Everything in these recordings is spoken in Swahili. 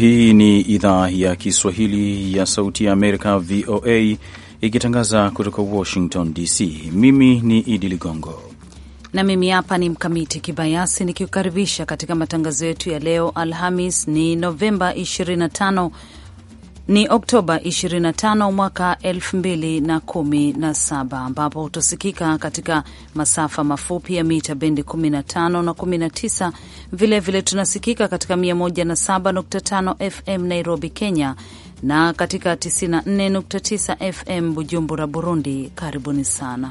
Hii ni idhaa ya Kiswahili ya Sauti ya Amerika, VOA, ikitangaza kutoka Washington DC. Mimi ni Idi Ligongo na mimi hapa ni Mkamiti Kibayasi nikikukaribisha katika matangazo yetu ya leo Alhamis ni Novemba 25 ni Oktoba 25 mwaka 2017 ambapo hutosikika katika masafa mafupi ya mita bendi 15 na 19. Vilevile vile tunasikika katika 107.5 FM Nairobi, Kenya na katika 94.9 FM Bujumbura, Burundi. Karibuni sana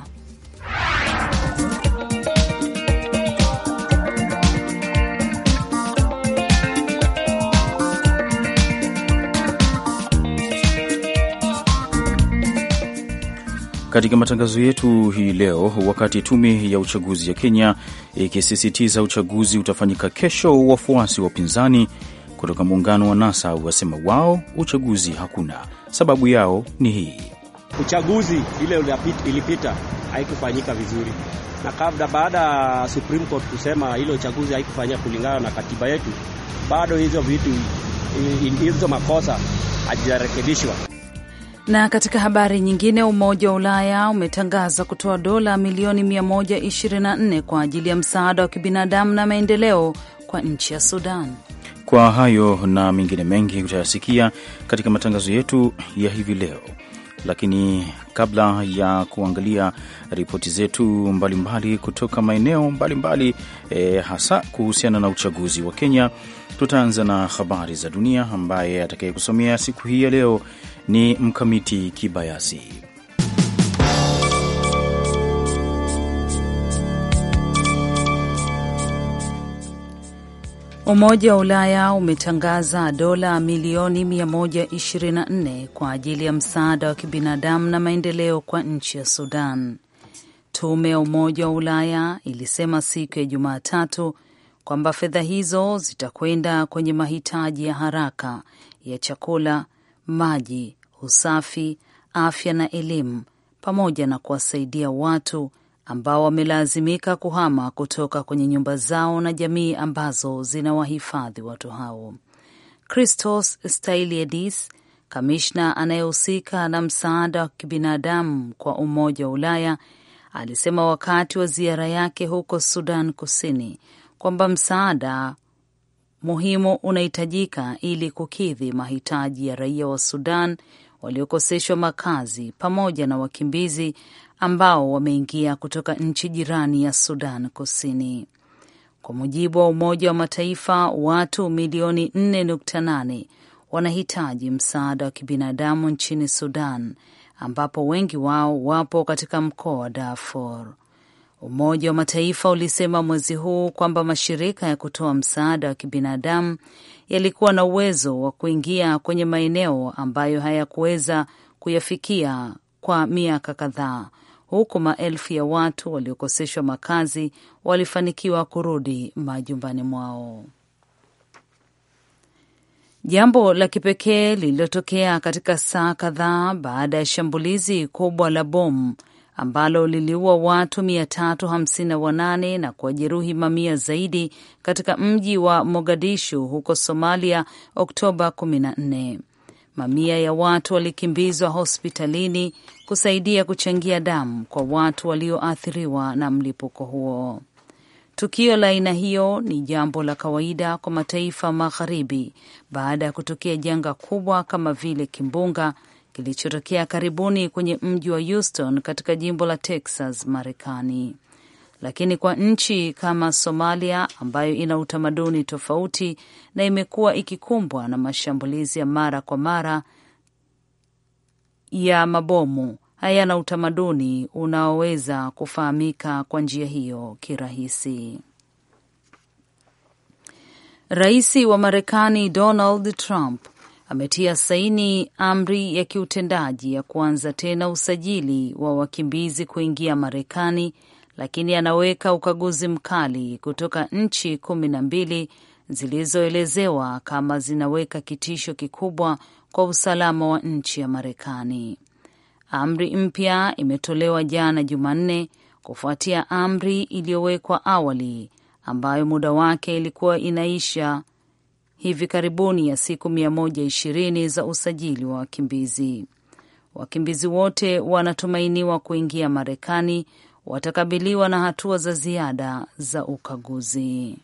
katika matangazo yetu hii leo, wakati tume ya uchaguzi ya Kenya ikisisitiza uchaguzi utafanyika kesho, wafuasi wa upinzani kutoka muungano wa NASA wasema wao uchaguzi hakuna. Sababu yao ni hii: uchaguzi ile ilipita haikufanyika vizuri, na kabla baada ya Supreme Court kusema ile uchaguzi haikufanyika kulingana na katiba yetu, bado hizo vitu hizo makosa hajarekebishwa na katika habari nyingine, Umoja wa Ulaya umetangaza kutoa dola milioni 124 kwa ajili ya msaada wa kibinadamu na maendeleo kwa nchi ya Sudan. Kwa hayo na mengine mengi utayasikia katika matangazo yetu ya hivi leo, lakini kabla ya kuangalia ripoti zetu mbalimbali mbali kutoka maeneo mbalimbali e, hasa kuhusiana na uchaguzi wa Kenya, tutaanza na habari za dunia ambaye atakayekusomea siku hii ya leo ni Mkamiti Kibayasi. Umoja wa Ulaya umetangaza dola milioni 124 kwa ajili ya msaada wa kibinadamu na maendeleo kwa nchi ya Sudan. Tume ya Umoja wa Ulaya ilisema siku ya Jumatatu kwamba fedha hizo zitakwenda kwenye mahitaji ya haraka ya chakula, maji, usafi, afya na elimu, pamoja na kuwasaidia watu ambao wamelazimika kuhama kutoka kwenye nyumba zao na jamii ambazo zinawahifadhi watu hao. Christos Stylianides, kamishna anayehusika na msaada wa kibinadamu kwa Umoja wa Ulaya, alisema wakati wa ziara yake huko Sudan Kusini kwamba msaada muhimu unahitajika ili kukidhi mahitaji ya raia wa Sudan waliokoseshwa makazi pamoja na wakimbizi ambao wameingia kutoka nchi jirani ya Sudan Kusini. Kwa mujibu wa Umoja wa Mataifa, watu milioni 4.8 wanahitaji msaada wa kibinadamu nchini Sudan, ambapo wengi wao wapo katika mkoa wa Darfur. Umoja wa Mataifa ulisema mwezi huu kwamba mashirika ya kutoa msaada wa kibinadamu yalikuwa na uwezo wa kuingia kwenye maeneo ambayo hayakuweza kuyafikia kwa miaka kadhaa, huku maelfu ya watu waliokoseshwa makazi walifanikiwa kurudi majumbani mwao. Jambo la kipekee lililotokea katika saa kadhaa baada ya shambulizi kubwa la bomu ambalo liliua watu 358 na kuwajeruhi mamia zaidi katika mji wa Mogadishu huko Somalia Oktoba 14. Mamia ya watu walikimbizwa hospitalini kusaidia kuchangia damu kwa watu walioathiriwa na mlipuko huo. Tukio la aina hiyo ni jambo la kawaida kwa mataifa magharibi baada ya kutokea janga kubwa kama vile kimbunga kilichotokea karibuni kwenye mji wa Houston katika jimbo la Texas, Marekani. Lakini kwa nchi kama Somalia ambayo ina utamaduni tofauti na imekuwa ikikumbwa na mashambulizi ya mara kwa mara ya mabomu, hayana utamaduni unaoweza kufahamika kwa njia hiyo kirahisi. Rais wa Marekani Donald Trump ametia saini amri ya kiutendaji ya kuanza tena usajili wa wakimbizi kuingia Marekani, lakini anaweka ukaguzi mkali kutoka nchi kumi na mbili zilizoelezewa kama zinaweka kitisho kikubwa kwa usalama wa nchi ya Marekani. Amri mpya imetolewa jana Jumanne kufuatia amri iliyowekwa awali ambayo muda wake ilikuwa inaisha hivi karibuni ya siku 120 za usajili wa wakimbizi. Wakimbizi wote wanatumainiwa kuingia Marekani watakabiliwa na hatua za ziada za ukaguzi.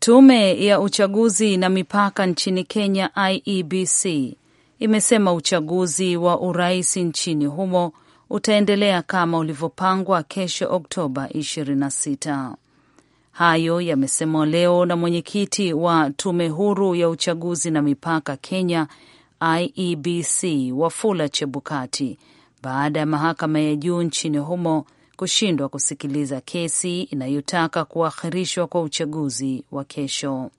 Tume ya uchaguzi na mipaka nchini Kenya, IEBC, imesema uchaguzi wa urais nchini humo utaendelea kama ulivyopangwa kesho, Oktoba Hayo yamesemwa leo na mwenyekiti wa tume huru ya uchaguzi na mipaka Kenya, IEBC, Wafula Chebukati, baada ya mahakama ya juu nchini humo kushindwa kusikiliza kesi inayotaka kuahirishwa kwa uchaguzi wa kesho.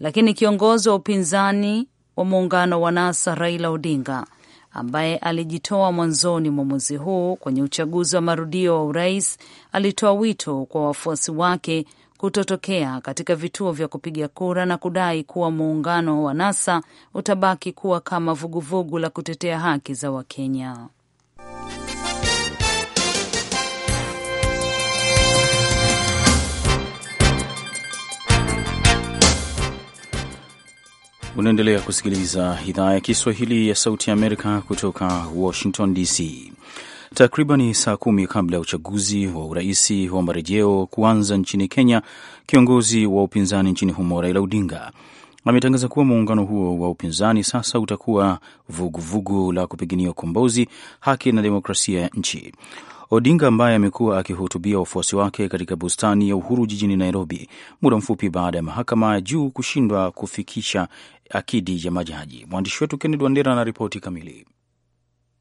Lakini kiongozi wa upinzani wa muungano wa NASA Raila Odinga ambaye alijitoa mwanzoni mwa mwezi huu kwenye uchaguzi wa marudio wa urais alitoa wito kwa wafuasi wake kutotokea katika vituo vya kupiga kura na kudai kuwa muungano wa NASA utabaki kuwa kama vuguvugu la kutetea haki za Wakenya. Unaendelea kusikiliza idhaa ya Kiswahili ya Sauti ya Amerika kutoka Washington DC. Takribani saa kumi kabla ya uchaguzi wa urais wa marejeo kuanza nchini Kenya, kiongozi wa upinzani nchini humo Raila Odinga ametangaza kuwa muungano huo wa upinzani sasa utakuwa vuguvugu vugu la kupigania ukombozi, haki na demokrasia ya nchi. Odinga ambaye amekuwa akihutubia wafuasi wake katika bustani ya Uhuru jijini Nairobi muda mfupi baada ya mahakama ya juu kushindwa kufikisha akidi ya majaji. Mwandishi wetu Kennedy Wandera ana ripoti kamili.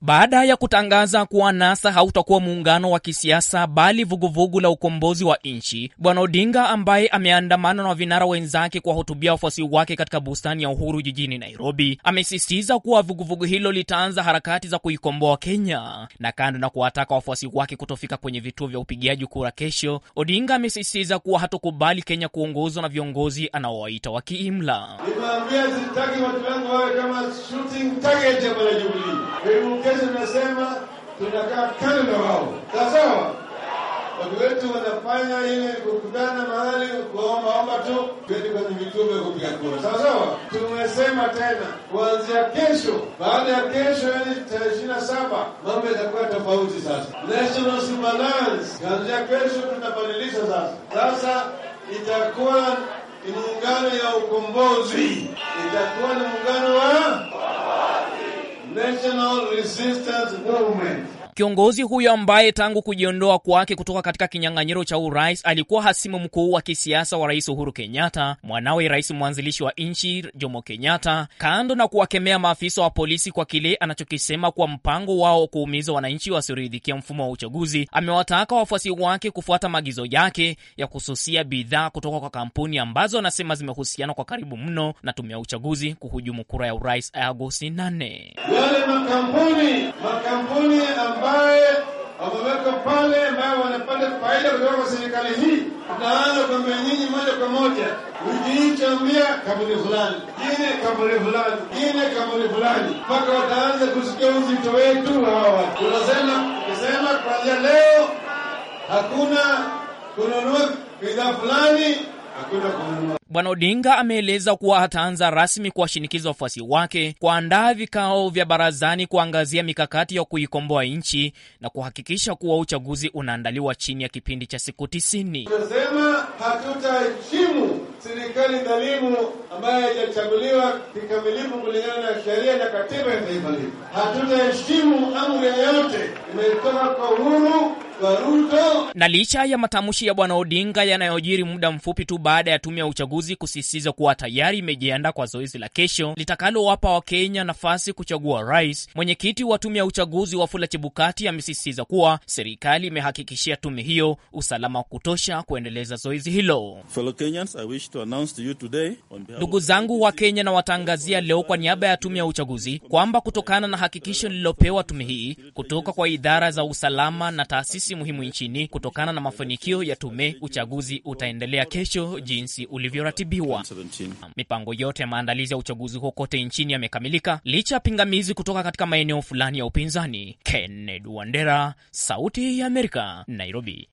Baada ya kutangaza kuwa NASA hautakuwa muungano wa kisiasa bali vuguvugu vugu la ukombozi wa nchi, Bwana Odinga ambaye ameandamana na vinara wenzake kuwahutubia wafuasi wake katika bustani ya Uhuru jijini Nairobi, amesisitiza kuwa vuguvugu vugu hilo litaanza harakati za kuikomboa Kenya. Na kando na kuwataka wafuasi wake kutofika kwenye vituo vya upigiaji kura kesho, Odinga amesisitiza kuwa hatokubali Kenya kuongozwa na viongozi anaowaita wa kiimla kesho tunasema tunakaa kando hao, sawa. Watu wetu wanafanya ile kukutana mahali kuombaomba tu, twende kwenye vitume kupiga kura, sawa sawa. Tumesema tena kuanzia kesho, baada ya kesho, yaani tarehe ishirini na saba, mambo yatakuwa tofauti sasa. National balance kuanzia kesho tutabadilisha sasa. Sasa itakuwa ni muungano ya ukombozi, itakuwa ni muungano wa National Resistance Movement. Kiongozi huyo ambaye tangu kujiondoa kwake kutoka katika kinyang'anyiro cha urais alikuwa hasimu mkuu wa kisiasa wa Rais Uhuru Kenyatta, mwanawe rais mwanzilishi wa nchi Jomo Kenyatta, kando na kuwakemea maafisa wa polisi kwa kile anachokisema kuwa mpango wao kuumiza wananchi wasioridhikia mfumo wa uchaguzi, amewataka wafuasi wake kufuata maagizo yake ya kususia bidhaa kutoka kwa kampuni ambazo anasema zimehusiana kwa karibu mno na tume ya uchaguzi kuhujumu kura ya urais Agosti 8. Yale makampuni makampuni amba ambaye ameweka pale, ambaye wanapata faida kutoka kwa serikali hii, Tunaanza kwamba nyinyi moja kwa moja wiki hii chambia kaburi fulani jine, kaburi fulani jine, kaburi fulani, mpaka wataanza kusikia uzito wetu. Hawa tunasema kusema kwanzia leo hakuna kununua bidhaa fulani, hakuna kununua Bwana Odinga ameeleza kuwa ataanza rasmi kuwashinikiza wafuasi wake kuandaa vikao vya barazani kuangazia mikakati ya kuikomboa nchi na kuhakikisha kuwa uchaguzi unaandaliwa chini ya kipindi cha siku tisini. Tunasema hatutaheshimu serikali dhalimu ambayo haijachaguliwa kikamilifu kulingana na sheria na katiba ya taifa letu. Hatutaheshimu amri yoyote imetoka kwa uhuru na licha ya matamshi ya bwana Odinga yanayojiri muda mfupi tu baada ya tume ya uchaguzi kusisitiza kuwa tayari imejiandaa kwa zoezi la kesho litakalowapa Wakenya nafasi kuchagua rais, mwenyekiti wa tume ya uchaguzi Wafula Chebukati amesisitiza kuwa serikali imehakikishia tume hiyo usalama wa kutosha kuendeleza zoezi hilo. Ndugu zangu wa Kenya, na watangazia leo kwa niaba ya tume ya uchaguzi kwamba kutokana na hakikisho lililopewa tume hii kutoka kwa idara za usalama na taasisi taasisi muhimu nchini kutokana na mafanikio ya tume. Uchaguzi utaendelea kesho jinsi ulivyoratibiwa. Mipango yote ya maandalizi ya uchaguzi huo kote nchini yamekamilika licha ya pingamizi kutoka katika maeneo fulani ya upinzani. Kennedy Wandera, Sauti ya Amerika, Nairobi.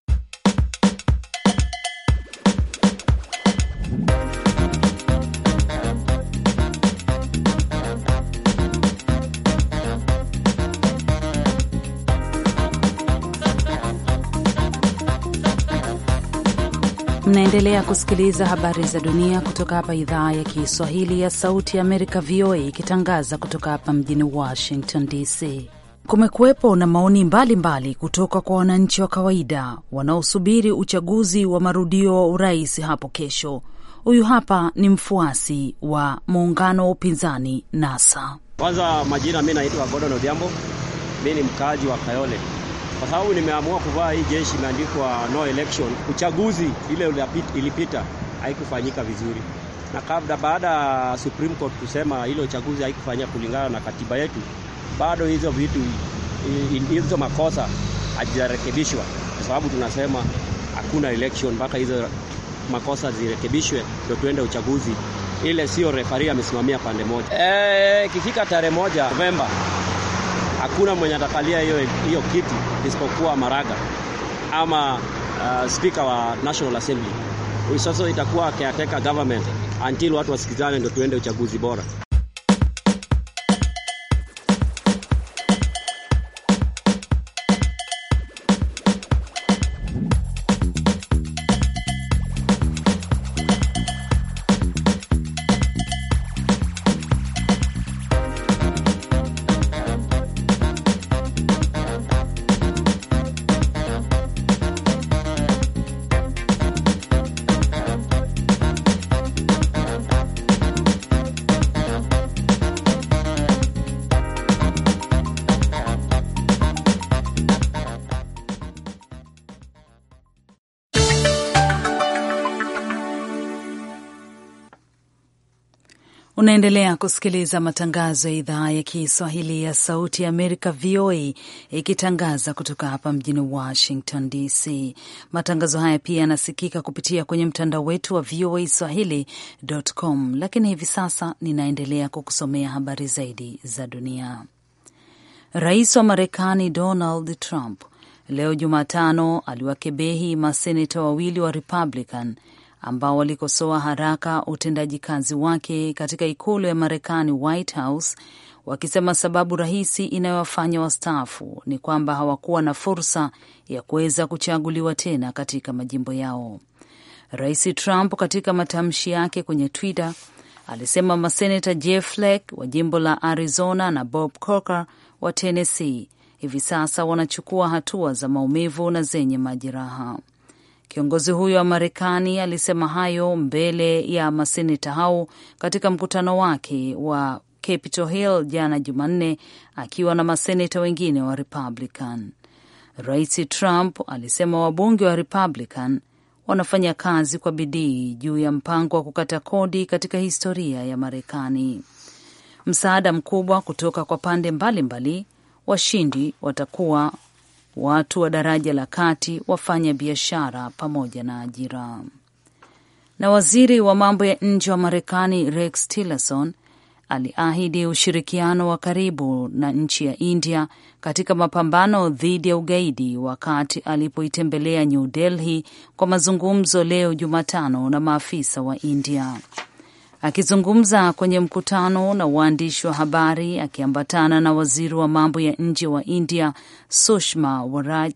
Mnaendelea kusikiliza habari za dunia kutoka hapa idhaa ya Kiswahili ya Sauti ya Amerika, VOA, ikitangaza kutoka hapa mjini Washington DC. Kumekuwepo na maoni mbalimbali mbali kutoka kwa wananchi wa kawaida wanaosubiri uchaguzi wa marudio wa urais hapo kesho. Huyu hapa ni mfuasi wa muungano wa upinzani NASA. Kwanza majina, mi naitwa Gordon Odhiambo, mi ni mkaaji wa Kayole kwa sababu nimeamua kuvaa hii jeshi imeandikwa no election. Uchaguzi ile ilipita haikufanyika vizuri, na kabla baada ya Supreme Court kusema ile uchaguzi haikufanyika kulingana na katiba yetu, bado hizo vitu hizo makosa hajarekebishwa kwa sababu tunasema hakuna election mpaka hizo makosa zirekebishwe, ndio tuende uchaguzi. Ile sio refari amesimamia pande moja. E, eh, kifika tarehe moja Novemba hakuna mwenye atakalia hiyo hiyo kiti isipokuwa Maraga ama uh, speaker wa National Assembly. Sasa itakuwa caretaker government until watu wasikizane ndio tuende uchaguzi bora. Unaendelea kusikiliza matangazo ya idhaa ya Kiswahili ya Sauti ya Amerika, VOA, ikitangaza kutoka hapa mjini Washington DC. Matangazo haya pia yanasikika kupitia kwenye mtandao wetu wa VOA Swahili.com. Lakini hivi sasa ninaendelea kukusomea habari zaidi za dunia. Rais wa Marekani Donald Trump leo Jumatano aliwakebehi maseneta wawili wa Republican ambao walikosoa haraka utendaji kazi wake katika ikulu ya Marekani, White House, wakisema sababu rahisi inayowafanya wastaafu ni kwamba hawakuwa na fursa ya kuweza kuchaguliwa tena katika majimbo yao. Rais Trump katika matamshi yake kwenye Twitter alisema maseneta Jeff Flake wa jimbo la Arizona na Bob Corker wa Tennessee hivi sasa wanachukua hatua za maumivu na zenye majeraha. Kiongozi huyo wa Marekani alisema hayo mbele ya maseneta hao katika mkutano wake wa Capitol Hill jana Jumanne, akiwa na maseneta wengine wa Republican. Rais Trump alisema wabunge wa Republican wanafanya kazi kwa bidii juu ya mpango wa kukata kodi katika historia ya Marekani. Msaada mkubwa kutoka kwa pande mbalimbali, washindi watakuwa watu wa daraja la kati, wafanya biashara pamoja na ajira. Na waziri wa mambo ya nje wa Marekani Rex Tillerson aliahidi ushirikiano wa karibu na nchi ya India katika mapambano dhidi ya ugaidi wakati alipoitembelea New Delhi kwa mazungumzo leo Jumatano na maafisa wa India. Akizungumza kwenye mkutano na waandishi wa habari akiambatana na waziri wa mambo ya nje wa India Sushma Waraj,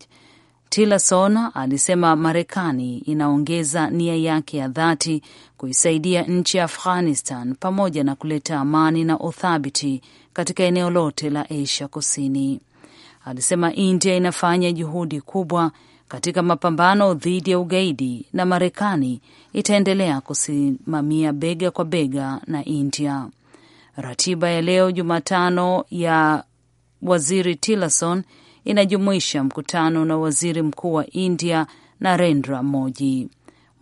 Tillerson alisema Marekani inaongeza nia yake ya dhati kuisaidia nchi ya Afghanistan pamoja na kuleta amani na uthabiti katika eneo lote la Asia Kusini. Alisema India inafanya juhudi kubwa katika mapambano dhidi ya ugaidi na Marekani itaendelea kusimamia bega kwa bega na India. Ratiba ya leo Jumatano ya Waziri Tillerson inajumuisha mkutano na waziri mkuu wa India Narendra Modi.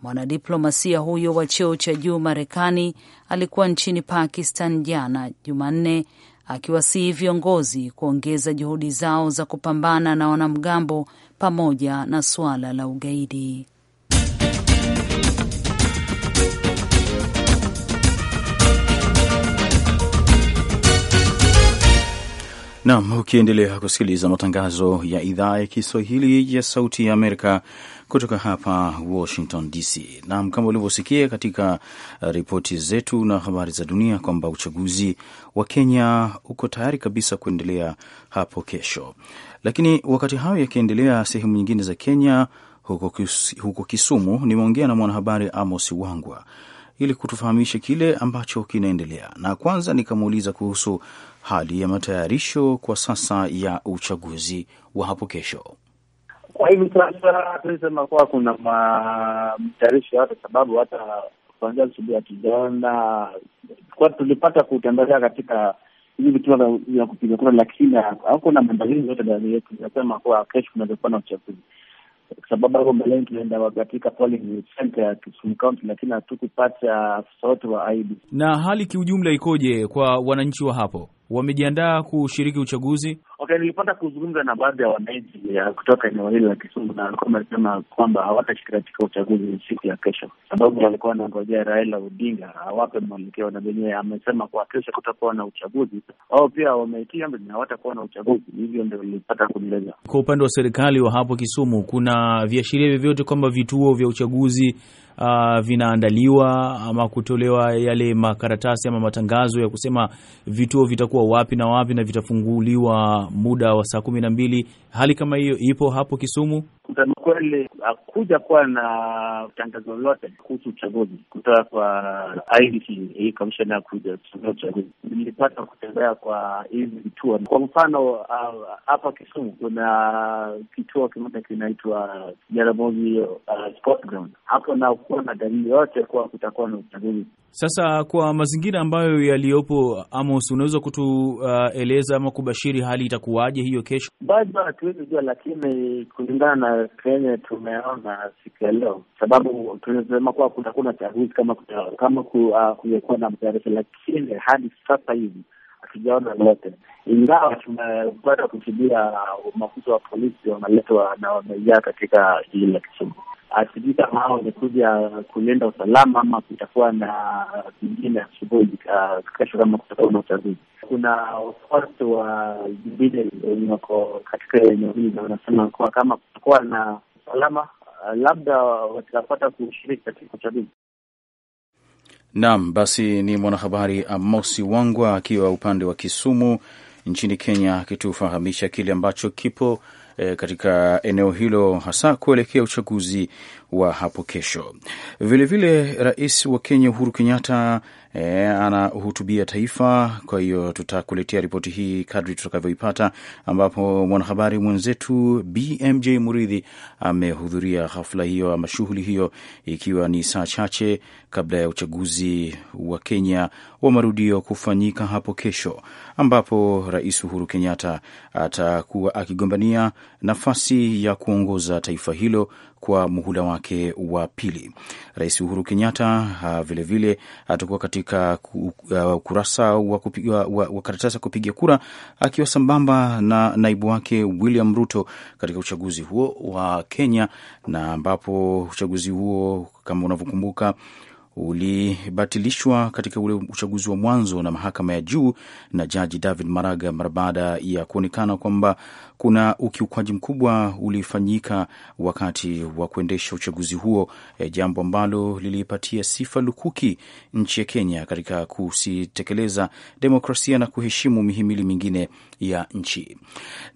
Mwanadiplomasia huyo wa cheo cha juu Marekani alikuwa nchini Pakistan jana Jumanne akiwasihi viongozi kuongeza juhudi zao za kupambana na wanamgambo pamoja na suala la ugaidi. Nam, ukiendelea kusikiliza matangazo ya idhaa ya Kiswahili ya Sauti ya Amerika kutoka hapa Washington DC. nam kama ulivyosikia katika uh, ripoti zetu na habari za dunia kwamba uchaguzi wa Kenya uko tayari kabisa kuendelea hapo kesho, lakini wakati hayo yakiendelea sehemu nyingine za Kenya, huko, kis, huko Kisumu, nimeongea na mwanahabari Amos Wangwa ili kutufahamisha kile ambacho kinaendelea, na kwanza nikamuuliza kuhusu hali ya matayarisho kwa sasa ya uchaguzi wa hapo kesho. Kwa hivi sasa tunasema kuwa kuna matayarisho, hata sababu hata kuanzia asubuhi ya kijana tulipata kutembelea katika hivi vituo vya kupiga kura, lakini hako na maandalizi yote ndani yetu. Inasema kuwa kesho kunawezekuwa na uchaguzi, kwa sababu hapo mbeleni tunaenda katika polling center ya Kisumu County, lakini hatukupata afisa wote wa IEBC. Na hali kiujumla ikoje kwa wananchi wa hapo? wamejiandaa kushiriki uchaguzi? Okay, nilipata kuzungumza na baadhi ya wananchi eh, kutoka eneo hili la Kisumu na walikuwa wamesema kwamba hawatashiriki katika uchaguzi siku ya kesho, sababu walikuwa wanangojea Raila Odinga awape mwelekeo, na venyewe amesema kwa kesho kutakuwa na uchaguzi. Wao pia wameitia amri na hawatakuwa na uchaguzi. Hivyo ndio nilipata kunieleza. Kwa upande wa serikali wa hapo Kisumu, kuna viashiria vyovyote kwamba vituo vya uchaguzi uh, vinaandaliwa ama kutolewa yale makaratasi ama matangazo ya kusema vituo vitakuwa wapi na wapi na vitafunguliwa muda wa saa kumi na mbili. Hali kama hiyo ipo hapo Kisumu? kusema kweli hakuja kuwa na tangazo lolote kuhusu uchaguzi kutoka kwa IDC, hii kamishona ya kusimamia uchaguzi. Nilipata kutembea kwa hivi vituo. Kwa mfano hapa uh, Kisumu kuna kituo kimoja kinaitwa Jaramogi uh, Ground. Hapo nakuwa na dalili yote kuwa kutakuwa na uchaguzi. Sasa kwa mazingira ambayo yaliyopo, Amos, unaweza kutueleza uh, ama kubashiri hali itakuwaje hiyo kesho? Bado hatuwezi jua, lakini kulingana na kenye tumeona siku ya leo, sababu tunasema kuwa kuna na chaguzi kama kama uh, kungekuwa uh, na mtayarisho, lakini hadi sasa hivi hatujaona lote, ingawa tumepata kusikia maafisa wa polisi wameletwa na wamejaa katika jiji la Kisumu. Sijui kama hao wamekuja kulinda usalama ama kutakuwa na vingine asubuhi uh, kesho, kama kutakuwa na uchaguzi. Kuna wafuasi wa Jubilee wenye wako katika eneo hili na wanasema kuwa kama kutakuwa na usalama, uh, labda watapata kushiriki katika uchaguzi. Naam, basi ni mwanahabari Amosi Wangwa akiwa upande wa Kisumu nchini Kenya, akitufahamisha kile ambacho kipo e, katika eneo hilo hasa kuelekea uchaguzi wa hapo kesho. Vilevile rais wa Kenya Uhuru Kenyatta E, anahutubia taifa. Kwa hiyo tutakuletea ripoti hii kadri tutakavyoipata, ambapo mwanahabari mwenzetu BMJ Muridhi amehudhuria hafla hiyo ama shughuli hiyo, ikiwa ni saa chache kabla ya uchaguzi wa Kenya wa marudio kufanyika hapo kesho, ambapo Rais Uhuru Kenyatta atakuwa akigombania nafasi ya kuongoza taifa hilo kwa muhula wake wa pili. Rais Uhuru Kenyatta vilevile atakuwa katika uh, ukurasa wa, wa, wa karatasi ya kupiga kura akiwa sambamba na naibu wake William Ruto katika uchaguzi huo wa Kenya, na ambapo uchaguzi huo kama unavyokumbuka ulibatilishwa katika ule uchaguzi wa mwanzo na mahakama ya juu na jaji David Maraga mara baada ya kuonekana kwamba kuna ukiukwaji mkubwa ulifanyika wakati wa kuendesha uchaguzi huo, eh, jambo ambalo liliipatia sifa lukuki nchi ya Kenya katika kusitekeleza demokrasia na kuheshimu mihimili mingine ya nchi.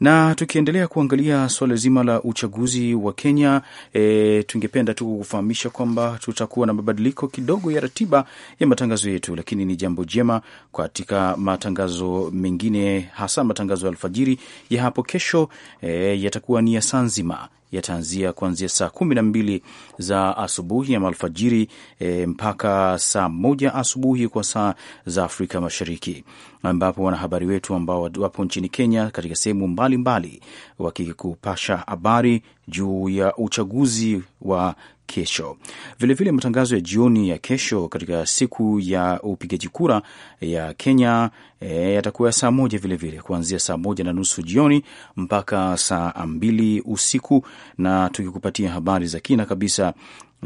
Na tukiendelea kuangalia suala zima la uchaguzi wa Kenya, e, tungependa tu kufahamisha kwamba tutakuwa na mabadiliko kidogo kidogo ya ratiba ya matangazo yetu, lakini ni jambo jema katika matangazo mengine, hasa matangazo ya alfajiri ya hapo kesho. E, yatakuwa ni ya saa nzima yataanzia kuanzia saa kumi na mbili za asubuhi ama alfajiri e, mpaka saa moja asubuhi kwa saa za Afrika Mashariki, ambapo wanahabari wetu ambao wapo nchini Kenya katika sehemu mbalimbali wakikupasha habari juu ya uchaguzi wa kesho. Vilevile matangazo ya jioni ya kesho katika siku ya upigaji kura ya Kenya e, yatakuwa ya saa moja vilevile, kuanzia saa moja na nusu jioni mpaka saa mbili usiku, na tukikupatia habari za kina kabisa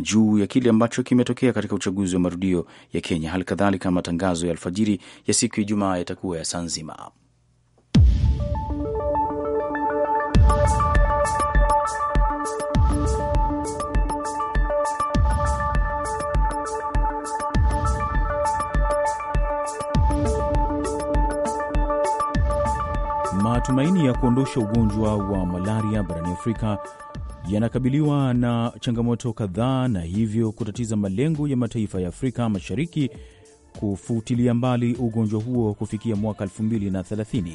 juu ya kile ambacho kimetokea katika uchaguzi wa marudio ya Kenya. Hali kadhalika matangazo ya alfajiri ya siku ya Ijumaa yatakuwa ya saa nzima. Matumaini ya kuondosha ugonjwa wa malaria barani Afrika yanakabiliwa na changamoto kadhaa na hivyo kutatiza malengo ya mataifa ya Afrika Mashariki kufutilia mbali ugonjwa huo kufikia mwaka 2030.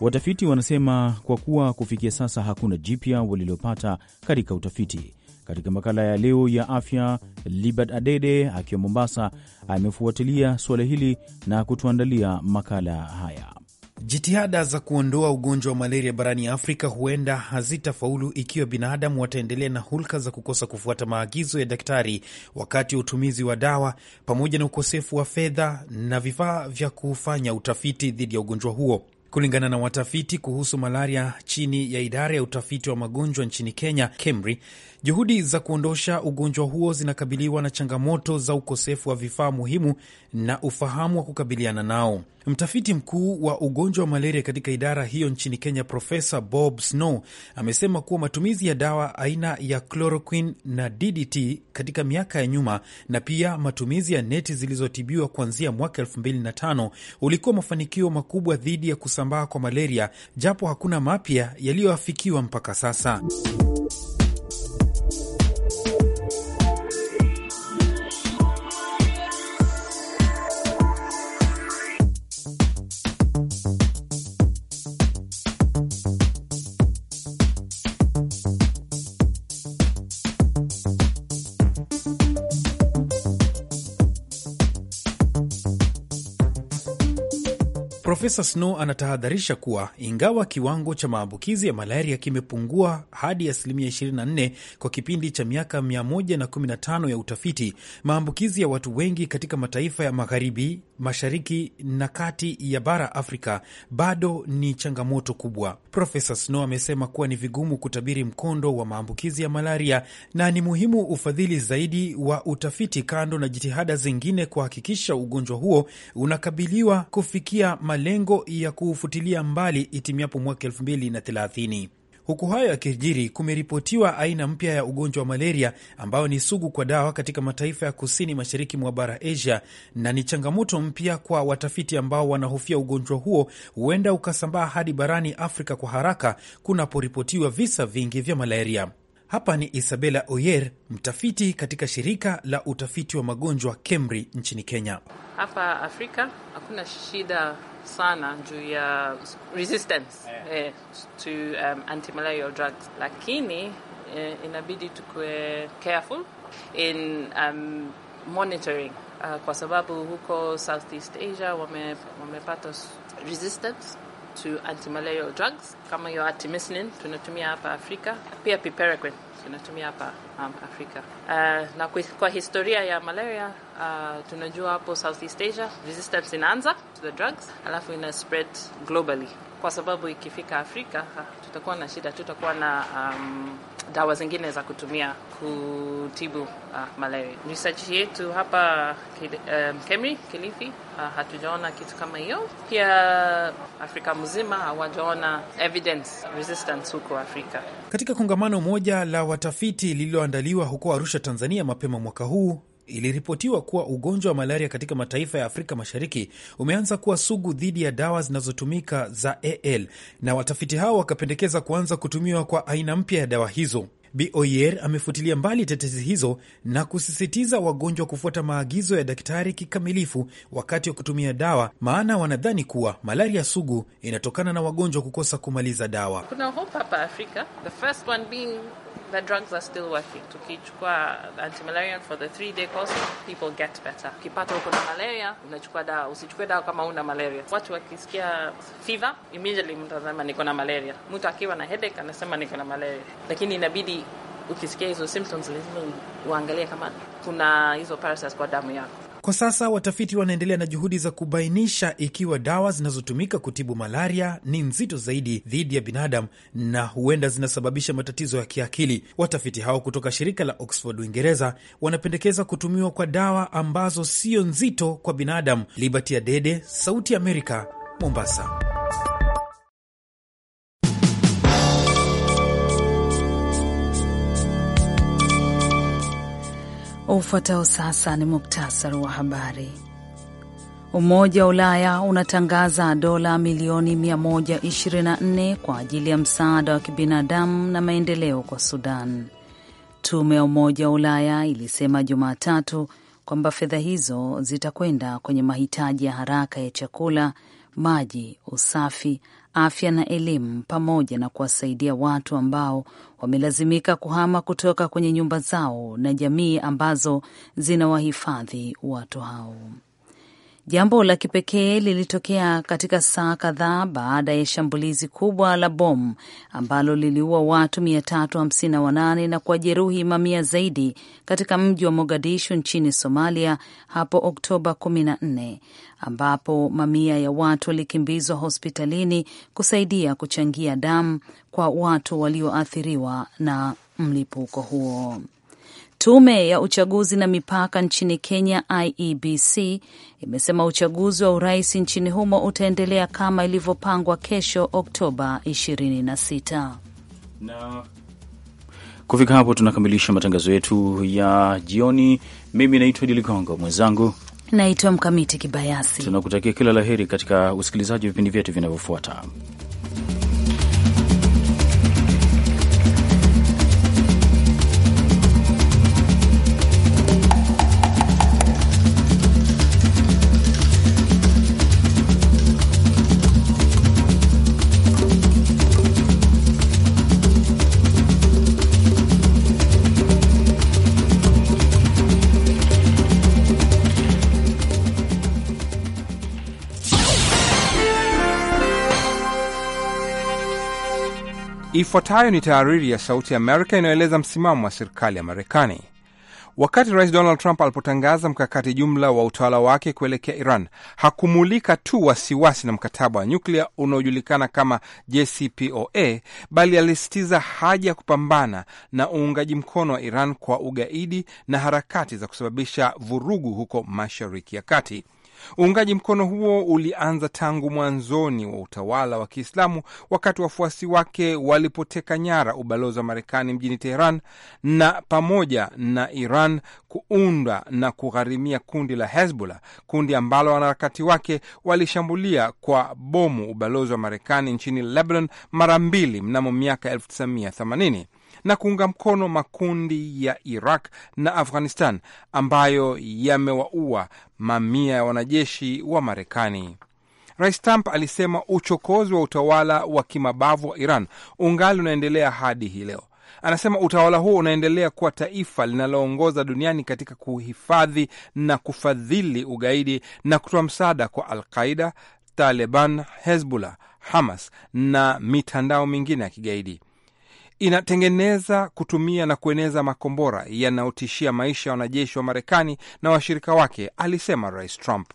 Watafiti wanasema kwa kuwa kufikia sasa hakuna jipya walilopata katika utafiti. Katika makala ya leo ya afya, Libert Adede akiwa Mombasa amefuatilia suala hili na kutuandalia makala haya. Jitihada za kuondoa ugonjwa wa malaria barani Afrika huenda hazitafaulu ikiwa binadamu wataendelea na hulka za kukosa kufuata maagizo ya daktari wakati wa utumizi wa dawa, pamoja na ukosefu wa fedha na vifaa vya kufanya utafiti dhidi ya ugonjwa huo. Kulingana na watafiti kuhusu malaria chini ya idara ya utafiti wa magonjwa nchini Kenya, KEMRI, Juhudi za kuondosha ugonjwa huo zinakabiliwa na changamoto za ukosefu wa vifaa muhimu na ufahamu wa kukabiliana nao. Mtafiti mkuu wa ugonjwa wa malaria katika idara hiyo nchini Kenya, Profesa Bob Snow amesema kuwa matumizi ya dawa aina ya chloroquine na DDT katika miaka ya nyuma na pia matumizi ya neti zilizotibiwa kuanzia mwaka 2005 ulikuwa mafanikio makubwa dhidi ya kusambaa kwa malaria, japo hakuna mapya yaliyoafikiwa mpaka sasa. Profesa Snow anatahadharisha kuwa ingawa kiwango cha maambukizi ya malaria kimepungua hadi asilimia 24 kwa kipindi cha miaka 115 ya utafiti, maambukizi ya watu wengi katika mataifa ya magharibi, mashariki na kati ya bara Afrika bado ni changamoto kubwa. Profesa Snow amesema kuwa ni vigumu kutabiri mkondo wa maambukizi ya malaria na ni muhimu ufadhili zaidi wa utafiti, kando na jitihada zingine kuhakikisha ugonjwa huo unakabiliwa kufikia malengo malengo ya kuufutilia mbali itimiapo mwaka thelathini. Huku hayo yakijiri, kumeripotiwa aina mpya ya ugonjwa wa malaria ambayo ni sugu kwa dawa katika mataifa ya kusini mashariki mwa bara Asia, na ni changamoto mpya kwa watafiti ambao wanahofia ugonjwa huo huenda ukasambaa hadi barani Afrika kwa haraka kunaporipotiwa visa vingi vya malaria. Hapa ni Isabella Oyer, mtafiti katika shirika la utafiti wa magonjwa KEMRI nchini Kenya. Hapa Afrika hakuna shida sana juu ya resistance yeah. eh, to um, antimalarial drugs, lakini eh, inabidi tukuwe careful in um, monitoring uh, kwa sababu huko Southeast Asia wame, wamepata resistance to antimalarial drugs kama hiyo artemisinin tunatumia hapa Afrika, pia piperacin tunatumia hapa um, Afrika uh, na kwa historia ya malaria Uh, tunajua hapo Southeast Asia resistance inaanza to the drugs, alafu ina spread globally, kwa sababu ikifika Afrika tutakuwa na shida, tutakuwa na um, dawa zingine za kutumia kutibu uh, malaria. Research yetu hapa um, KEMRI Kilifi uh, hatujaona kitu kama hiyo. Pia Afrika mzima hawajaona evidence resistance huko Afrika. Katika kongamano moja la watafiti lililoandaliwa huko Arusha, Tanzania mapema mwaka huu iliripotiwa kuwa ugonjwa wa malaria katika mataifa ya Afrika Mashariki umeanza kuwa sugu dhidi ya dawa zinazotumika za AL, na watafiti hao wakapendekeza kuanza kutumiwa kwa aina mpya ya dawa hizo. Boyer amefutilia mbali tetezi hizo na kusisitiza wagonjwa kufuata maagizo ya daktari kikamilifu wakati wa kutumia dawa, maana wanadhani kuwa malaria sugu inatokana na wagonjwa kukosa kumaliza dawa. Kuna hope hapa Afrika, the first one being The drugs are still working. Tukichukua antimalarial for the three day course, people get better. Ukipata uko na malaria, unachukua dawa. Usichukue dawa kama una malaria. Watu wakisikia fever, immediately mtu niko na malaria. Mtu akiwa na headache anasema niko na malaria, lakini inabidi ukisikia hizo symptoms lazima uangalie kama kuna hizo parasites kwa damu yako. Kwa sasa watafiti wanaendelea na juhudi za kubainisha ikiwa dawa zinazotumika kutibu malaria ni nzito zaidi dhidi ya binadamu na huenda zinasababisha matatizo ya kiakili. Watafiti hao kutoka shirika la Oxford, Uingereza, wanapendekeza kutumiwa kwa dawa ambazo sio nzito kwa binadamu. Liberty Adede, Sauti ya Amerika, Mombasa. Ufuatao sasa ni muktasari wa habari. Umoja wa Ulaya unatangaza dola milioni 124 kwa ajili ya msaada wa kibinadamu na maendeleo kwa Sudan. Tume ya Umoja wa Ulaya ilisema Jumatatu kwamba fedha hizo zitakwenda kwenye mahitaji ya haraka ya chakula, maji, usafi, afya na elimu, pamoja na kuwasaidia watu ambao wamelazimika kuhama kutoka kwenye nyumba zao na jamii ambazo zinawahifadhi watu hao. Jambo la kipekee lilitokea katika saa kadhaa baada ya shambulizi kubwa la bomu ambalo liliua watu 358 na kuwajeruhi mamia zaidi katika mji wa Mogadishu nchini Somalia hapo Oktoba 14 ambapo mamia ya watu walikimbizwa hospitalini kusaidia kuchangia damu kwa watu walioathiriwa na mlipuko huo. Tume ya uchaguzi na mipaka nchini Kenya, IEBC, imesema uchaguzi wa urais nchini humo utaendelea kama ilivyopangwa kesho, Oktoba 26 na kufika hapo tunakamilisha matangazo yetu ya jioni. Mimi naitwa Idi Ligongo, mwenzangu naitwa Mkamiti Kibayasi. Tunakutakia kila la heri katika usikilizaji wa vipindi vyetu vinavyofuata. Ifuatayo ni taariri ya Sauti ya Amerika inayoeleza msimamo wa serikali ya Marekani. Wakati Rais Donald Trump alipotangaza mkakati jumla wa utawala wake kuelekea Iran, hakumulika tu wasiwasi na mkataba wa nyuklia unaojulikana kama JCPOA, bali alisisitiza haja ya kupambana na uungaji mkono wa Iran kwa ugaidi na harakati za kusababisha vurugu huko Mashariki ya Kati. Uungaji mkono huo ulianza tangu mwanzoni wa utawala wa Kiislamu wakati wafuasi wake walipoteka nyara ubalozi wa Marekani mjini Teheran na pamoja na Iran kuunda na kugharimia kundi la Hezbollah, kundi ambalo wanaharakati wake walishambulia kwa bomu ubalozi wa Marekani nchini Lebanon mara mbili mnamo miaka 1980 na kuunga mkono makundi ya Iraq na Afghanistan ambayo yamewaua mamia ya wanajeshi wa Marekani. Rais Trump alisema uchokozi wa utawala wa kimabavu wa Iran ungali unaendelea hadi hii leo. Anasema utawala huo unaendelea kuwa taifa linaloongoza duniani katika kuhifadhi na kufadhili ugaidi na kutoa msaada kwa Alqaida, Taliban, Hezbollah, Hamas na mitandao mingine ya kigaidi inatengeneza kutumia na kueneza makombora yanayotishia maisha ya wanajeshi wa Marekani na washirika wake, alisema Rais Trump.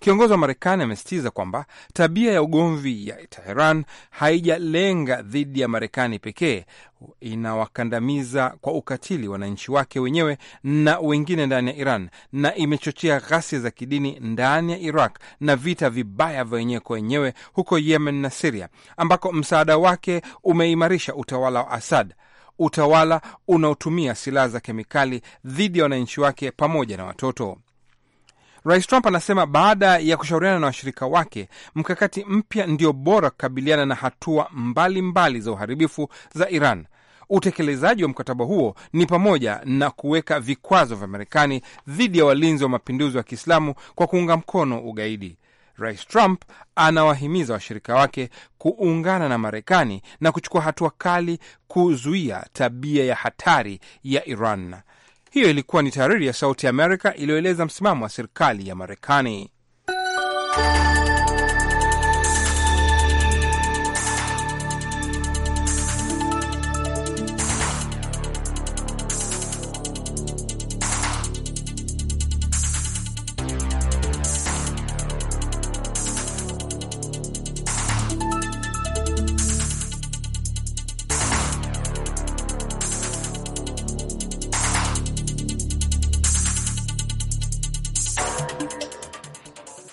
Kiongozi wa Marekani amesisitiza kwamba tabia ya ugomvi ya Teheran haijalenga dhidi ya Marekani pekee, inawakandamiza kwa ukatili wananchi wake wenyewe na wengine ndani ya Iran, na imechochea ghasia za kidini ndani ya Iraq na vita vibaya vya wenyewe kwa wenyewe huko Yemen na Siria, ambako msaada wake umeimarisha utawala wa Asad, utawala unaotumia silaha za kemikali dhidi ya wananchi wake pamoja na watoto. Rais Trump anasema baada ya kushauriana na washirika wake, mkakati mpya ndio bora kukabiliana na hatua mbalimbali mbali za uharibifu za Iran. Utekelezaji wa mkataba huo ni pamoja na kuweka vikwazo vya Marekani dhidi ya walinzi wa mapinduzi wa Kiislamu kwa kuunga mkono ugaidi. Rais Trump anawahimiza washirika wake kuungana na Marekani na kuchukua hatua kali kuzuia tabia ya hatari ya Iran. Hiyo ilikuwa ni tahariri ya Sauti ya Amerika iliyoeleza msimamo wa serikali ya Marekani.